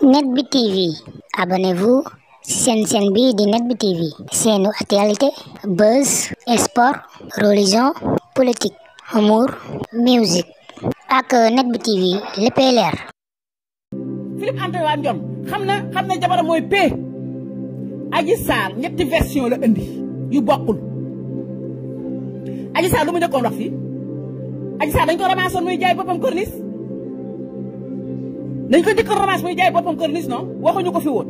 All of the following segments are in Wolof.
net bi tv abonnez-vous seen seen bi di net bi tv seenu actualité buzz sport religion politique humour musique ak net bi tv léppay leer Philippe Antoine Diome xam na xam na jabaram mooy p Adji Sarr ñetti version la indi yu bokkul Adji Sarr lu mu nekkoon wax fii Adji Sarr dañ ko ramassoon muy jaay boppam corniche dañ ko njëkk a romance muy jaay boppam kër lis non waxuñu ko fi woon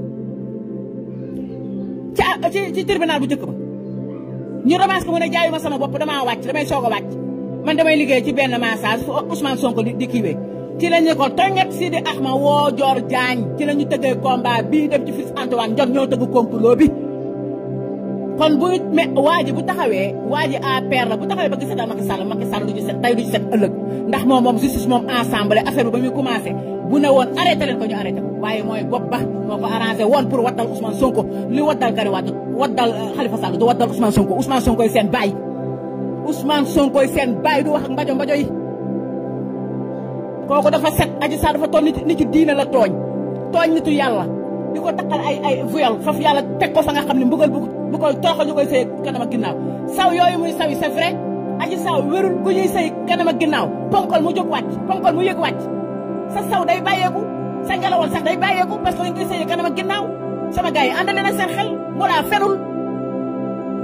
ci ci ci tribunal bu njëkk ba ñu romance ko mu ne jaayuma sama bopp damaa wàcc damay soog a wàcc man damay liggéey ci benn massage fu Ousmane Sonko di kiiwee ci la ñu ko tonget Sidi Axma woo Dior Diagne ci la ñu tëggee combat bii dem ci fils Antoine Diop ñoo tëgg complot bi kon bu me waa ji bu taxawee waa ji APR la bu ba gis nga Macky Sall Macky Sall du ci set tey du ëllëg ndax moom moom justice moom ba muy commencé bu ne woon arrêté leen ko ñu arrêté waaye mooy bopp ba moo ko arrangé woon pour waddal Ousmane Sonko li waddal Karim Wade waddal euh, Khalifa Sall du waddal Ousmane Sonko Ousmane Sonko seen baay Ousmane Sonko seen baay du wax ak mbajo kooku dafa set Adji Sarr dafa toog nit nitu diine la tooñ tooñ nitu yàlla di ko takkal ay ay viol foofu yàlla teg ko fa nga xam ne mbugal bu bu koy tooxal ñu koy sëy kanam ak ginnaaw saw yooyu muy saw yi c'est vrai wérul bu ñuy sëy kanam sa day bàyyeeku sa sax day bàyyeeku parce que dañ koy sëyee ginnaaw sama gars yi na seen xel Mollah ferul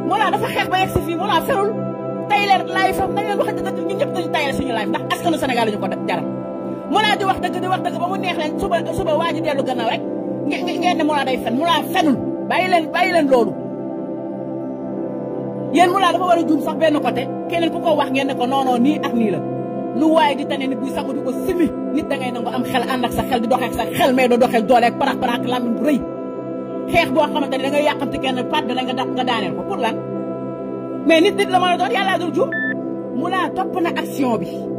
Mollah dafa xeex ba yegg si fii Mollah ferul tay leen laay fam dañ leen wax dëgg ñun ñëpp dañu tayal suñu laay ndax wax dëgg di wax dëgg ba mu neex suba suba waa ji dellu gannaaw rek ngeen ne Mollah day fen Mollah fenul bàyyi leen bàyyi leen loolu yéen dafa war a juum sax benn côté keneen ku ko wax ngeen ne ko non nii ak lu waaye di tane nit buy sangu di ko simi nit da ngay am xel ànd ak sa xel di doxee ak sa xel mais doo doxee dooleeg parax parax làmmiñ bu rëy xeex boo xamante ne da ngay yàqamti kenn pat dana nga dàq nga daaneel ko pour lan nit nit la mën a doon yàllaa dul jur mu laa topp na action bi